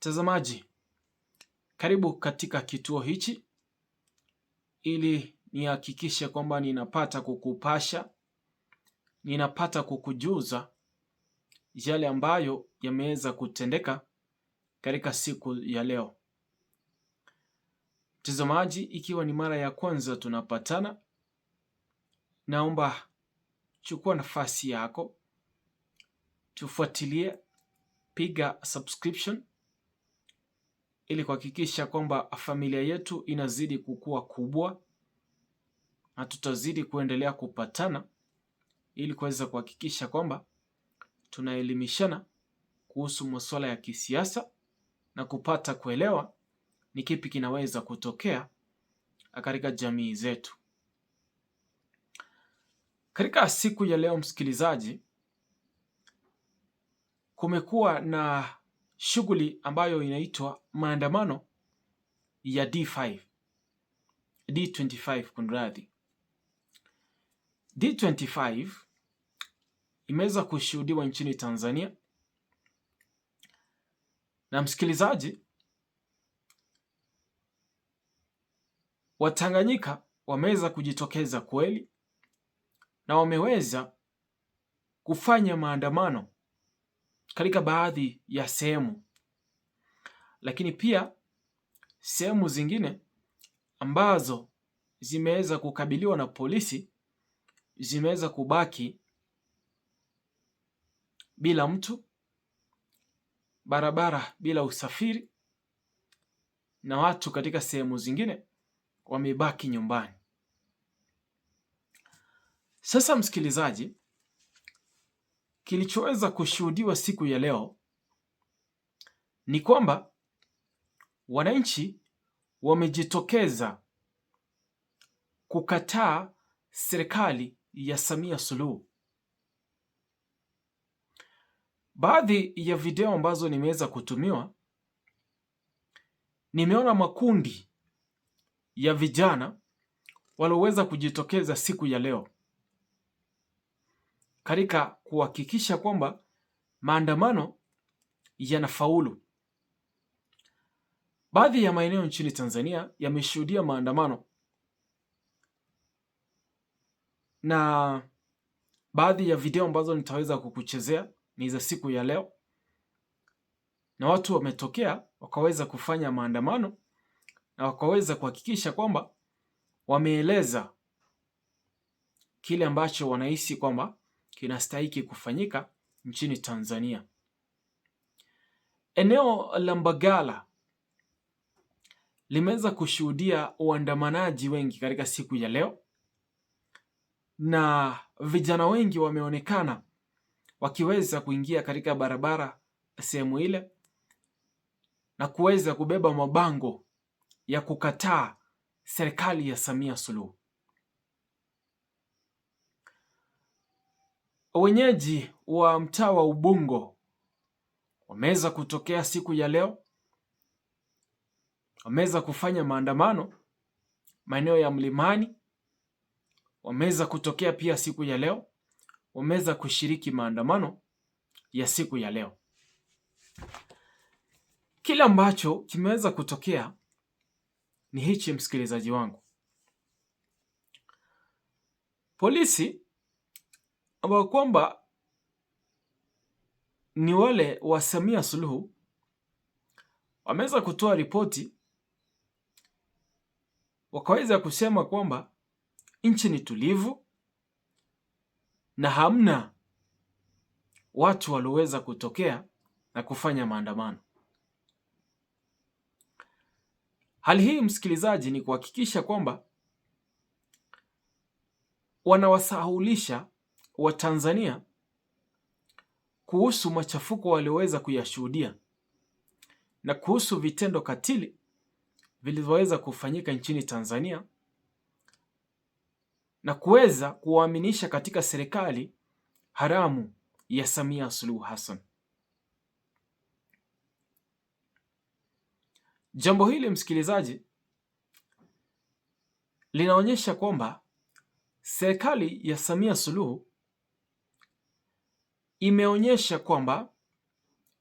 Mtazamaji, karibu katika kituo hichi ili nihakikishe kwamba ninapata kukupasha, ninapata kukujuza yale ambayo yameweza kutendeka katika siku ya leo. Mtazamaji, ikiwa ni mara ya kwanza tunapatana, naomba chukua nafasi yako, tufuatilie, piga subscription ili kuhakikisha kwamba familia yetu inazidi kukua kubwa na tutazidi kuendelea kupatana ili kuweza kuhakikisha kwamba tunaelimishana kuhusu masuala ya kisiasa na kupata kuelewa ni kipi kinaweza kutokea katika jamii zetu. Katika siku ya leo, msikilizaji, kumekuwa na shughuli ambayo inaitwa maandamano ya D5 D25, kunradhi. D25 imeweza kushuhudiwa nchini Tanzania. Na msikilizaji, Watanganyika wameweza kujitokeza kweli na wameweza kufanya maandamano katika baadhi ya sehemu, lakini pia sehemu zingine ambazo zimeweza kukabiliwa na polisi zimeweza kubaki bila mtu, barabara bila usafiri, na watu katika sehemu zingine wamebaki nyumbani. Sasa msikilizaji, kilichoweza kushuhudiwa siku ya leo ni kwamba wananchi wamejitokeza kukataa serikali ya Samia Suluhu Baadhi ya video ambazo nimeweza kutumiwa, nimeona makundi ya vijana walioweza kujitokeza siku ya leo katika kuhakikisha kwamba maandamano yanafaulu. Baadhi ya maeneo nchini Tanzania yameshuhudia maandamano na baadhi ya video ambazo nitaweza kukuchezea ni za siku ya leo, na watu wametokea wakaweza kufanya maandamano na wakaweza kuhakikisha kwamba wameeleza kile ambacho wanahisi kwamba kinastahiki kufanyika nchini Tanzania. Eneo la Mbagala limeweza kushuhudia uandamanaji wengi katika siku ya leo na vijana wengi wameonekana wakiweza kuingia katika barabara sehemu ile na kuweza kubeba mabango ya kukataa serikali ya Samia Suluhu. Wenyeji wa mtaa wa Ubungo wameweza kutokea siku ya leo, wameweza kufanya maandamano maeneo ya Mlimani, wameweza kutokea pia siku ya leo wameweza kushiriki maandamano ya siku ya leo. Kile ambacho kimeweza kutokea ni hichi, msikilizaji wangu, polisi ambao kwamba ni wale wa Samia Suluhu wameweza kutoa ripoti wakaweza kusema kwamba nchi ni tulivu, na hamna watu walioweza kutokea na kufanya maandamano. Hali hii msikilizaji, ni kuhakikisha kwamba wanawasahulisha Watanzania kuhusu machafuko walioweza kuyashuhudia na kuhusu vitendo katili vilivyoweza kufanyika nchini Tanzania na kuweza kuwaaminisha katika serikali haramu ya Samia Suluhu Hassan. Jambo hili msikilizaji, linaonyesha kwamba serikali ya Samia Suluhu imeonyesha kwamba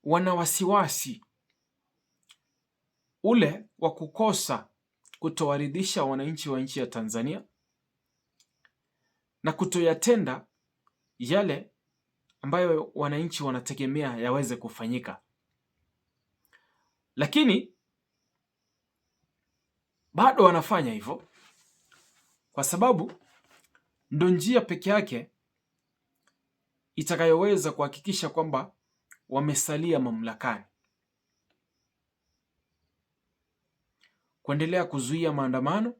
wana wasiwasi ule wa kukosa kutowaridhisha wananchi wa nchi ya Tanzania na kutoyatenda yale ambayo wananchi wanategemea yaweze kufanyika. Lakini bado wanafanya hivyo kwa sababu ndo njia peke yake itakayoweza kuhakikisha kwamba wamesalia mamlakani. Kuendelea kuzuia maandamano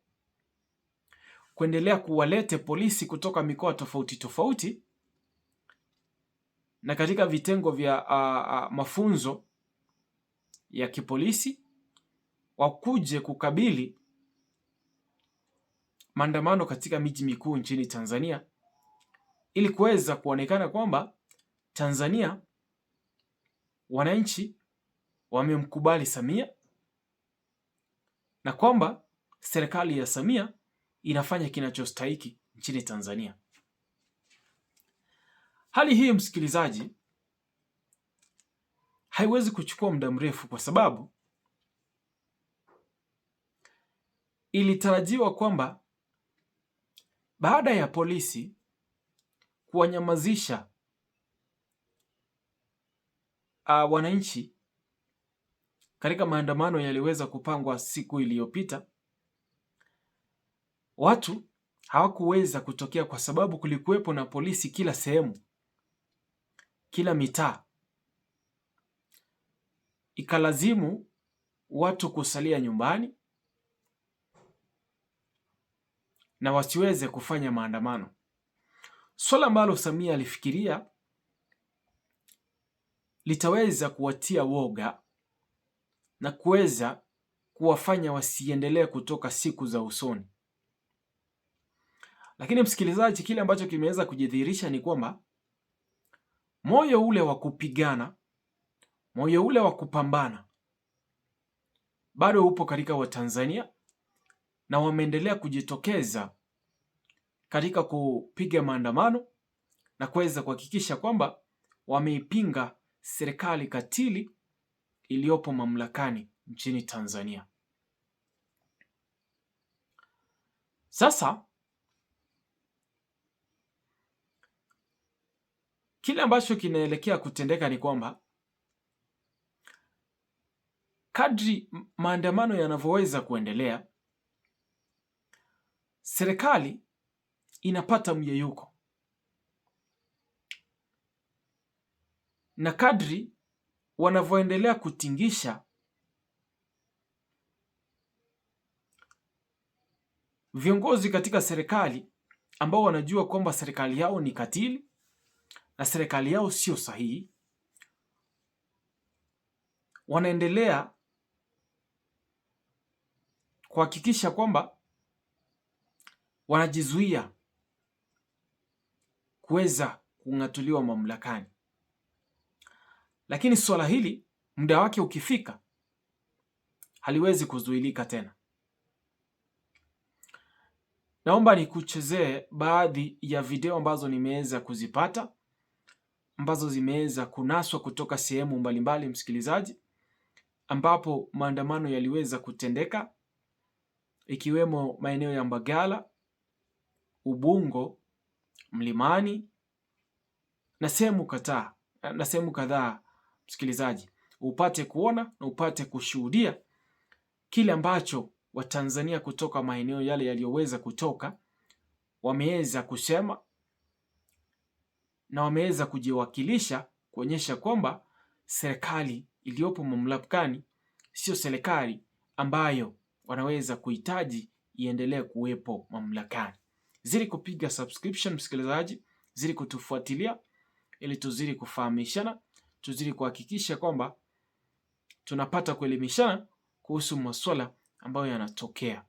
kuendelea kuwalete polisi kutoka mikoa tofauti tofauti na katika vitengo vya uh, uh, mafunzo ya kipolisi wakuje kukabili maandamano katika miji mikuu nchini Tanzania ili kuweza kuonekana kwamba Tanzania wananchi wamemkubali Samia na kwamba serikali ya Samia inafanya kinachostahiki nchini Tanzania. Hali hii msikilizaji, haiwezi kuchukua muda mrefu kwa sababu ilitarajiwa kwamba baada ya polisi kuwanyamazisha uh, wananchi katika maandamano yaliweza kupangwa siku iliyopita Watu hawakuweza kutokea kwa sababu kulikuwepo na polisi kila sehemu, kila mitaa. Ikalazimu watu kusalia nyumbani na wasiweze kufanya maandamano, swala ambalo Samia alifikiria litaweza kuwatia woga na kuweza kuwafanya wasiendelee kutoka siku za usoni. Lakini msikilizaji, kile ambacho kimeweza kujidhihirisha ni kwamba moyo ule wa kupigana, moyo ule wa kupambana bado upo katika Watanzania na wameendelea kujitokeza katika kupiga maandamano na kuweza kuhakikisha kwamba wameipinga serikali katili iliyopo mamlakani nchini Tanzania. Sasa Kile ambacho kinaelekea kutendeka ni kwamba kadri maandamano yanavyoweza kuendelea, serikali inapata myeyuko, na kadri wanavyoendelea kutingisha viongozi katika serikali ambao wanajua kwamba serikali yao ni katili na serikali yao sio sahihi, wanaendelea kuhakikisha kwamba wanajizuia kuweza kung'atuliwa mamlakani. Lakini suala hili muda wake ukifika haliwezi kuzuilika tena. Naomba nikuchezee baadhi ya video ambazo nimeweza kuzipata ambazo zimeweza kunaswa kutoka sehemu mbalimbali, msikilizaji, ambapo maandamano yaliweza kutendeka ikiwemo maeneo ya Mbagala, Ubungo, Mlimani na sehemu kadhaa na sehemu kadhaa, msikilizaji, upate kuona na upate kushuhudia kile ambacho Watanzania kutoka maeneo yale yaliyoweza kutoka wameweza kusema na wameweza kujiwakilisha kuonyesha kwamba serikali iliyopo mamlakani sio serikali ambayo wanaweza kuhitaji iendelee kuwepo mamlakani. Zili kupiga subscription msikilizaji, zili kutufuatilia ili tuzidi kufahamishana, tuzidi kuhakikisha kwamba tunapata kuelimishana kuhusu masuala ambayo yanatokea.